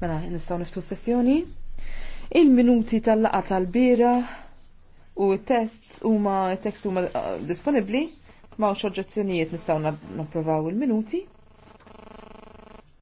Mela, nistaw niftu sessjoni. Il-minuti tal-laqa tal-bira u tests huma tekst huma eh, disponibbli ma' oġġezzjonijiet nistgħu napprovaw il-minuti.